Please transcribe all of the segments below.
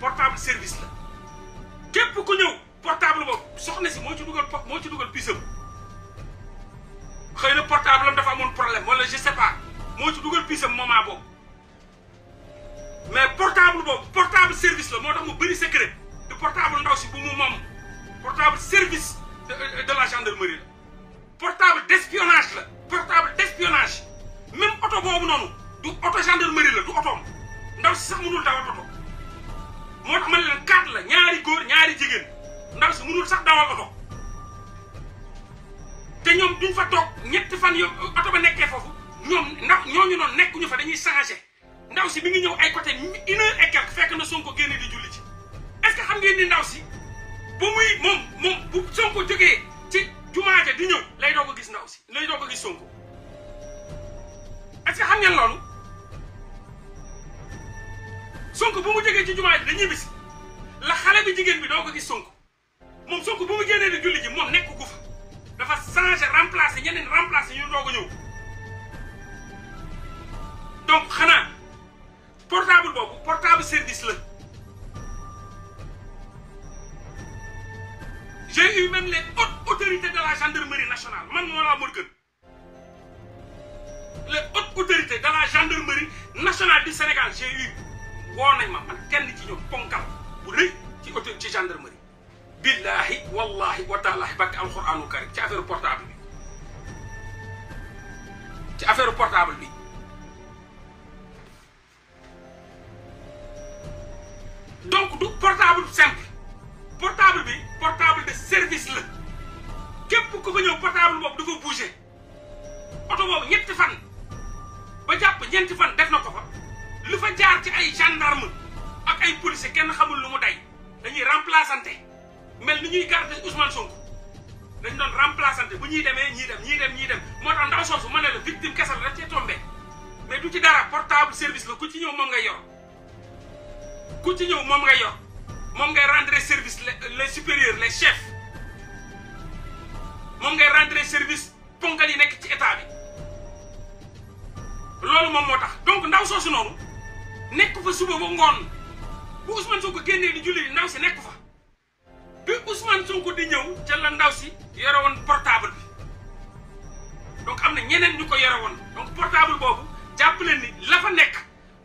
portable service la képp ku ñëw portable boobu soxna si moo ci dugal po moo ci dugal puisam xëy na portable am dafa amoon problème wala je sais pas moo ci dugal puisam moment boobu mais portable boobu portable service la moo tax mu bëri secret du portable ndaw si bu mu moom portable service de la gendarmerie la portable d'espionnage la portable d'espionnage même oto boobu noonu du oto gendarmerie la du otoom ndaw si sax mënul dawal oto moo man leen quatre la ñaari góor ñaari jigéen ndaw si mënul sax dawal oto te ñoom duñ fa toog ñetti fan yo oto ba nekkee foofu ñoom ndax ñooñu noonu nekkuñu fa dañuy changé ndaw si mi ngi ñëw ay côté une heure et fekk na Sonko génne di julli ci est-ce que xam ngeen ndaw si ba muy moom moom bu Sonko jógee ci jumaa ja di ñëw lay doog a gis ndaw si lay doog a gis Sonko est que xam ngeen loolu Sonko bu mu jógee ci jumaa ji dañuy bis la xale bi jigéen bi doo ko gis Sonko moom Sonko bu mu génnee di julli ji moom nekk gu fa dafa changé remplacé ñeneen remplacé ñu doog a ñëw donc xanaa portable boobu portable service la j'ai eu même les hautes autorités de nationale man moo laa mor gën les hautes autorités nationale du Sénégal j'ai woo nañ ma man kenn ci ñoom ponkal bu rëy ci auto ci gendarmerie billaahi wallahi wa taalaahi bakk alxuraanu ci affaire portable bi ci affaire portable bi donc du portable simple portable bi portable de service la képp ku ko ñëw portable boobu dafa bougé oto boobu ñetti fan ba jàpp ñeenti fan def lu fa jaar ci ay gendarme ak ay policier kenn xamul lu mu day dañuy remplaçante mel ni ñuy garde Ousmane Sonko dañ doon remplaçante bu ñuy demee ñii dem ñii dem ñii dem moo tax ndaw soosu ma ne la victime kese la dañ cee tombé du ci dara portable service la ku ci ñëw moom ngay yor ku ci ñëw moom ngay yor moom ngay rendre service les supérieurs les chefs moom ngay rendre service ponkal yi nekk ci état bi loolu moom moo tax donc ndaw soosu noonu. nekk fa suba ba ngoon bu Ousmane Sonko génnee di julli ndaw si nekk fa bi Ousmane Sonko di ñëw ca la ndaw si yore woon portable bi donc am na ñeneen ñu ko yore woon donc portable boobu jàpp ni la fa nekk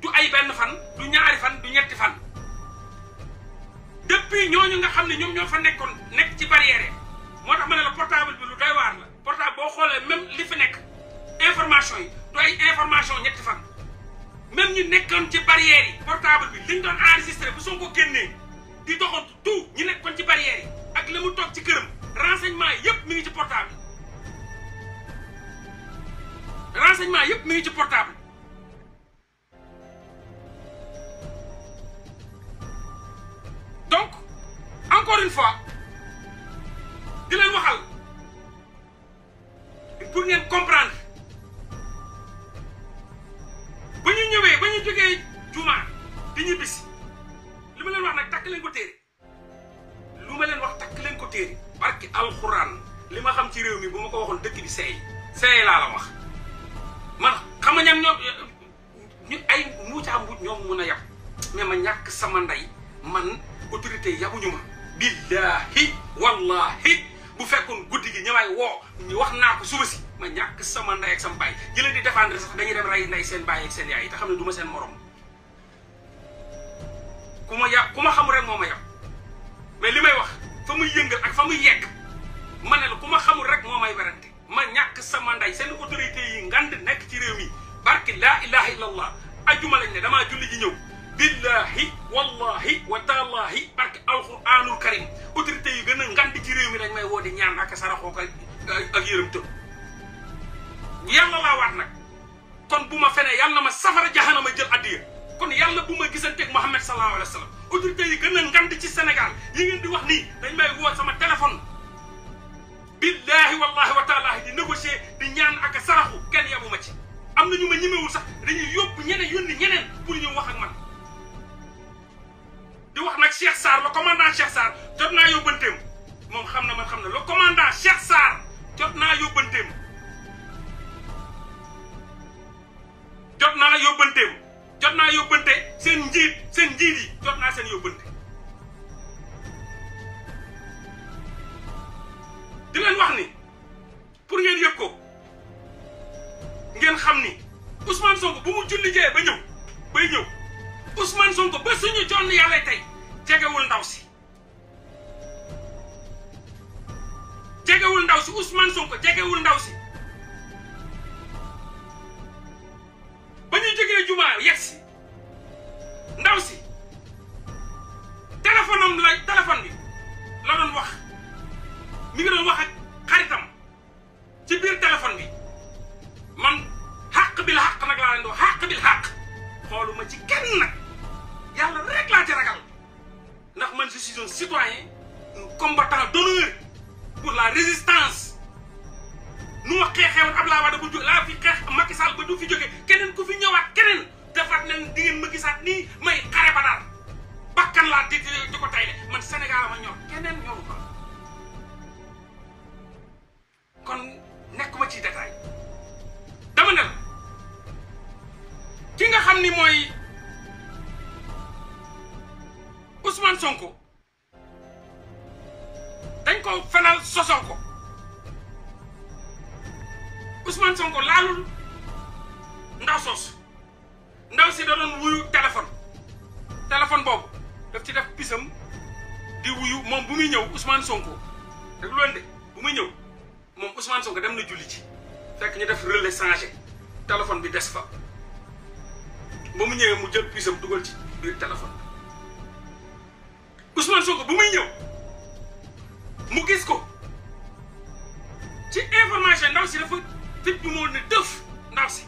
du ay benn fan du ñaari fan du ñetti fan depuis ñooñu nga xam ne ñoom ñoo fa nekkoon nekk ci barrière moo tax ma ne la portable bi lu doy waar la portable boo xoolee même li fi nekk information yi du ay information ñetti fan ñun ñu nekkoon ci barrière yi portable bi liñ doon bi soo Sonko génnee di doxantu tout ñu nekkoon ci barrière ak la mu toog ci këram renseignement yëpp mu ngi ci portable renseignement yëpp mi ngi ci portable donc encore une fois di leen waxal pour ngeen comprendre ñibbisi li ma leen wax nag takk leen ko téere lu ma leen wax takk leen ko téere barki alxuraan li ma xam ci réew mi bu ma ko waxoon dëkk bi seey seey laa la wax man xam nga ñam ñoom ñu ay muucaa mbuuj ñoom mun a yab mais ma ñàkk sama ndey man autorité yabuñu ma billaahi wallaahi bu fekkoon guddi gi ñëwaay woo ñu wax naa ko suba si ma ñàkk sama ndey ak sama baay jëleen di défendre sax dañuy dem rey ndey seen baay ak seen yaay te xam ne du ma seen morom ku ma yàq ku ma xamul rek moo ma yàq mais li may wax fa muy yëngal ak fa muy yegg ma ne la ku ma xamul rek moo may werante ma ñàkk sama nday seen autorité yi ngand nekk ci réew mi barki laa ilaha illallah ajuma lañ ne damaa julli ji ñëw billahi wallahi wa taalahi barki alquranul karim autorité yu gën a ngand ci réew mi dañ may woo di ñaan ak saraxoo ko ak yërëm tëb yàlla kon bu ma fenee yàlla na ma safara jahanama jël addiya kon yàlla bu ma gisanteeg Mouhamed sallallahu alayhi wa sallam autorité yi gën a ngand ci Sénégal yi ngeen di wax nii dañ may woo sama téléphone billaahi wallaahi wa taalaahi di négocier di ñaan ak saraxu kenn yabu ma ci am na ñu ma ñemewul sax dañuy yóbbu ñeneen yónni ñeneen pour ñu wax ak man di wax nag Cheikh Sarr le commandant Cheikh jot naa yóbbanteem moom xam na man xam na le commandant Cheikh Sarr jot naa yóbbanteem jot naa yóbbanteem jot naa yóbbante seen njiit seen njiit yi jot naa seen yóbbante suis un citoyen, un combattant d'honneur pour la résistance. nu ma xeexee woon Abdoulaye Wade bu jóg laa fi xeex Macky ba du fi jógee keneen ku fi ñëwaat keneen defaat nañ di ngeen ma gisaat nii may xare ba daal bakkan laa di di ko tayle man Sénégal ma ñor keneen ñoru ko kon nekkuma ci détail dama ne ki nga xam ni mooy di wuyu moom bu muy ñëw Ousmane Sonko rek loolu bu muy ñëw moom Ousmane Sonko dem na julli ci fekk ñu def relais changé téléphone bi des fa ba mu ñëwee mu jël puisam dugal ci biir téléphone bi Ousmane Sonko bu muy ñëw mu gis ko ci information ndaw si dafa fit bi moo dëf ndaw si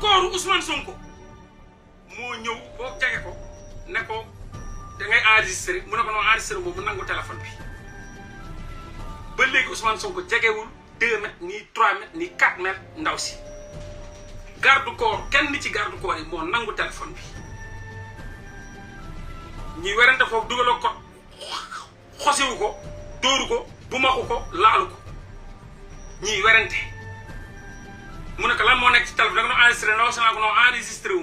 du kooru Ousmane Sonko moo ñëw boo jege ko ne ko da ngay enregistré mu ko noonu enregistré boobu nangu téléphone bi ba léegi Ousmane Sonko jegewul deux mètres nii trois mètres nii quatre mètres ndaw si garde corps kenn ci garde corps yi moo nangu téléphone bi ñuy werante foofu dugaloo ko xosewu ko dóoru ko bu maxu ko laalu ko ñuy werante mu ne ko lan moo nekk ci téléphone danga noo enregistré ndaw si naa ko noo enregistré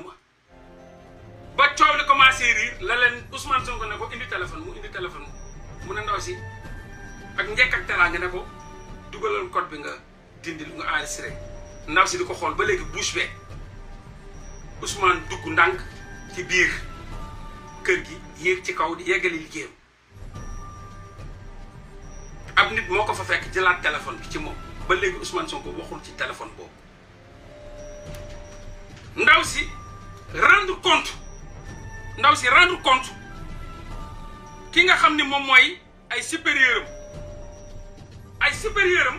ba coow li commencé riir la leen Ousmane Sonko ne ko indi téléphone mu indi téléphone mu ne ndaw si ak njëkk ak teraanga ne ko bi nga dindi lu nga enregistré ndaw si di ko xool ba léegi bouche bee Ousmane dugg ndànk ci biir kër gi yéeg ci kaw di yeggali liggéeyam ab nit moo ko fa fekk jëlaat téléphone bi ci moom ba léegi Ousmane ko waxul ci téléphone boobu. ndaw si rendre compte ndaw si rendre compte ki nga xam ni moom mooy ay supérieur am ay supérieur am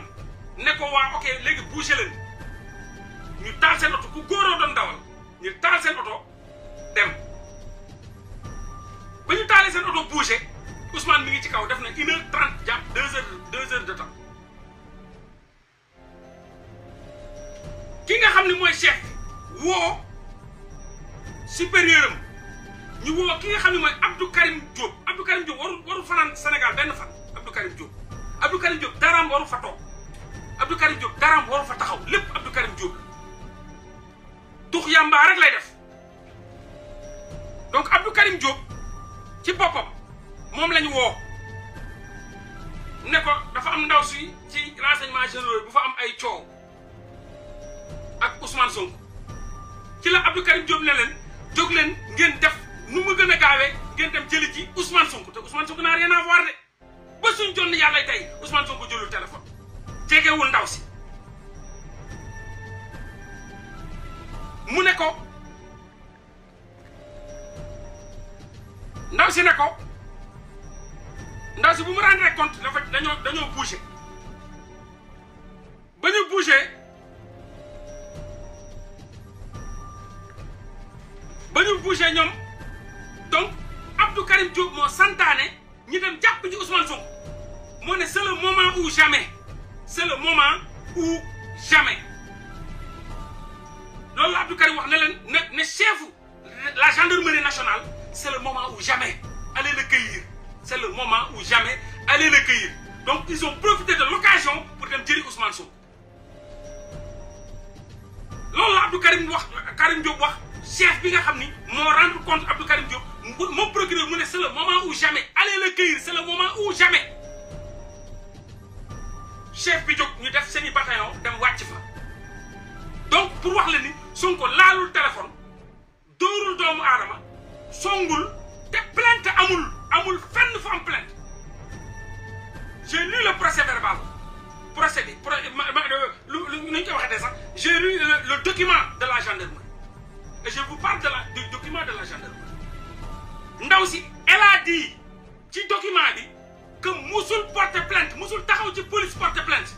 ne ko waa ok léegi bouger leen ñu taal seen oto ku góoroo doon dawal ñu taal seen oto dem ba ñu taalee seen oto bouger Ousmane mi ngi ci kaw def na une heure Karim Diop Abdou Karim Diop waru waru fanaan Sénégal benn fan Abdou Karim Diop Abdou Karim Diop daraam waru fa toog Abdou Karim Diop daraam waru fa taxaw lépp Abdou Karim Diop tux yàmbaa rek lay def donc Abdou Karim Diop ci boppam moom lañu woo ne dafa am ndaw si ci renseignement généraux bu fa am ay coow ak Ousmane Sonko ci la Abdou Karim Diop ne leen jóg leen ngeen def nu mu gën a gaawee ngeen dem jëli ji Ousmane Sonko te Ousmane Sonko naa rien à voir de ba suñ jonn yàlla tey Ousmane Sonko jëlul téléphone jegewul ndaw si mu ne ko ndaw si ne ko ndaw si bu mu rendre compte dafa dañoo dañoo bougé ba ñu bougé ba ñu ñoom donc Abdou Karim Diop moo santaane ñu dem jàpp ji Ousmane Sonko moo ne c'est le moment ou jamais c'est le moment ou jamais loolu la Abdou Karim wax ne leen ne ne chef la gendarmerie nationale c'est le moment ou jamais allez le cueillir c'est le moment ou jamais allez le cueillir donc ils ont profité de l'occasion pour dem jëri Ousmane Sonko loolu la Abdou Karim wax wax chef bi nga xam ni moo rendre compte Karim Diop recueillir c'est le moment ou jamais chef bi jóg def seeni bataillon dem wàcc fa donc pour wax la ni Sonko laalul téléphone dóorul doomu aadama songul te plainte amul amul fenn fu plainte j'ai lu le procès verbal procès bi pro euh, lu ñu koy waxee j'ai lu le document de la gendarmerie et je vous parle de la document de la gendarmerie ndaw si elle a ci document bi que musul porter plainte musul taxaw ci police porter plainte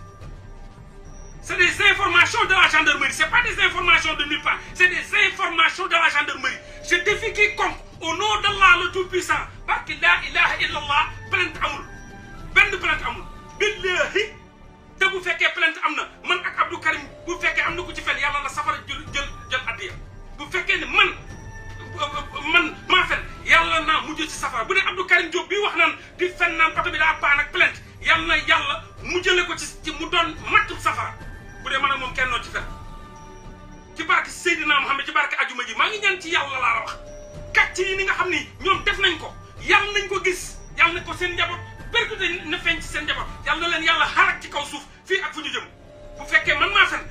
c'est des informations de la gendarmerie c'est pas des informations de nulle part c'est de la gendarmerie je défie quiconque au nom d'Allah le Tout-Puissant parce que la ilaha illallah plainte amul benn plainte amul billahi te bu fekkee plainte am na man ak Abdou Karim bu fekkee am na ku ci fen yàlla la safara jël jël jël addiya bu fekkee ne man maa fen yàlla na mujj ci safara bu dee Abdou Karim Diop bi wax naan di fen naan bato bi daa paan ak yal na yàlla mu jële ko ci ci mu doon mattum safara bu dee man ak moom kenn noo ci fen ci barke Seydina Mohamed ci barke ajuma ji maa ngi ñaan ci yàlla laa la wax kàcc ni nga xam ni ñoom def nañ ko yàlla nañ ko gis yàlla nañ ko seen njaboot percuté na feeñ ci seen njaboot yàlla na leen yàlla xarak ci kaw suuf fii ak fu ñu bu fekkee man maa fen